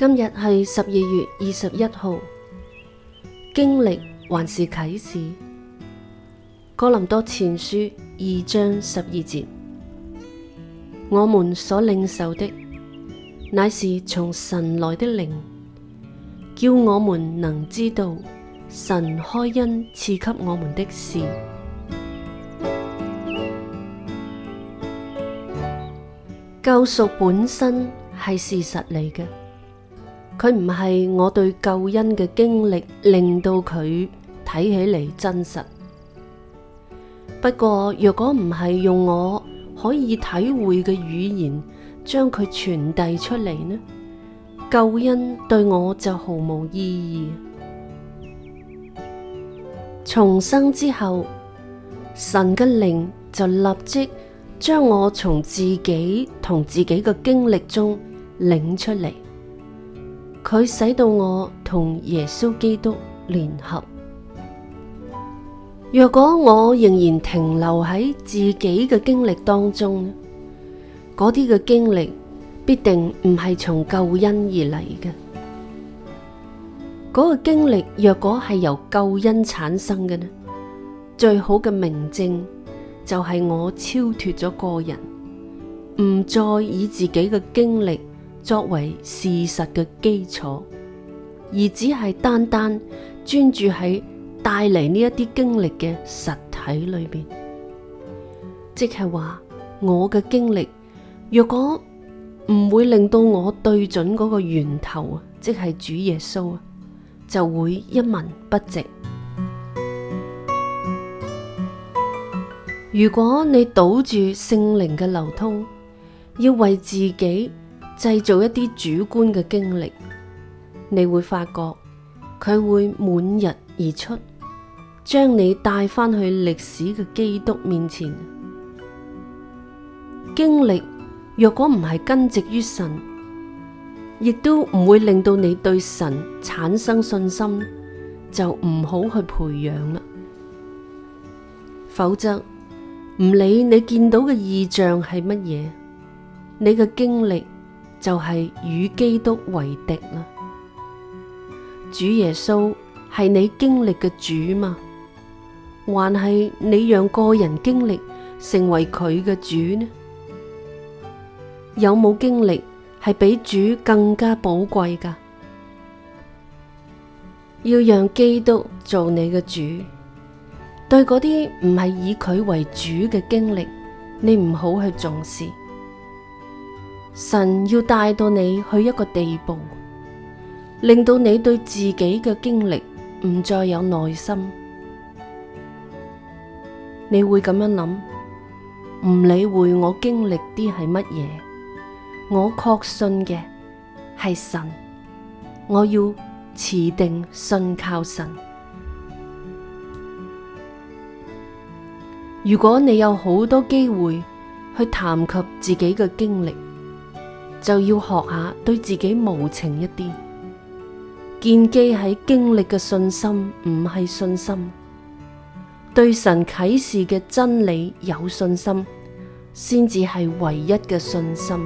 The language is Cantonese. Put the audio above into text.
今日係十二月二十一號，經歷還是啟示？哥林多前書二章十二節，我們所領受的乃是從神來的靈，叫我們能知道神開恩賜給我們的事。救贖本身係事實嚟嘅。佢唔係我對救恩嘅經歷令到佢睇起嚟真實。不過，若果唔係用我可以體會嘅語言將佢傳遞出嚟呢，救恩對我就毫無意義。重生之後，神嘅靈就立即將我從自己同自己嘅經歷中領出嚟。佢使到我同耶穌基督聯合。若果我仍然停留喺自己嘅經歷當中，嗰啲嘅經歷必定唔係從救恩而嚟嘅。嗰個經歷若果係由救恩產生嘅呢，最好嘅明證就係我超脫咗個人，唔再以自己嘅經歷。作為事實嘅基礎，而只係單單專注喺帶嚟呢一啲經歷嘅實體裏邊，即係話我嘅經歷若果唔會令到我對準嗰個源頭啊，即係主耶穌啊，就會一文不值。如果你堵住聖靈嘅流通，要為自己。製造一啲主觀嘅經歷，你會發覺佢會滿溢而出，將你帶翻去歷史嘅基督面前。經歷若果唔係根植於神，亦都唔會令到你對神產生信心，就唔好去培養啦。否則，唔理你見到嘅異象係乜嘢，你嘅經歷。就係與基督為敵啦！主耶穌係你經歷嘅主嘛？還係你讓個人經歷成為佢嘅主呢？有冇經歷係比主更加寶貴噶？要讓基督做你嘅主。對嗰啲唔係以佢為主嘅經歷，你唔好去重視。神要帶到你去一個地步，令到你對自己嘅經歷唔再有耐心。你會咁樣諗，唔理會我經歷啲係乜嘢，我確信嘅係神。我要持定信靠神。如果你有好多機會去談及自己嘅經歷，就要學下對自己無情一啲，建基喺經歷嘅信心，唔係信心，對神啟示嘅真理有信心，先至係唯一嘅信心。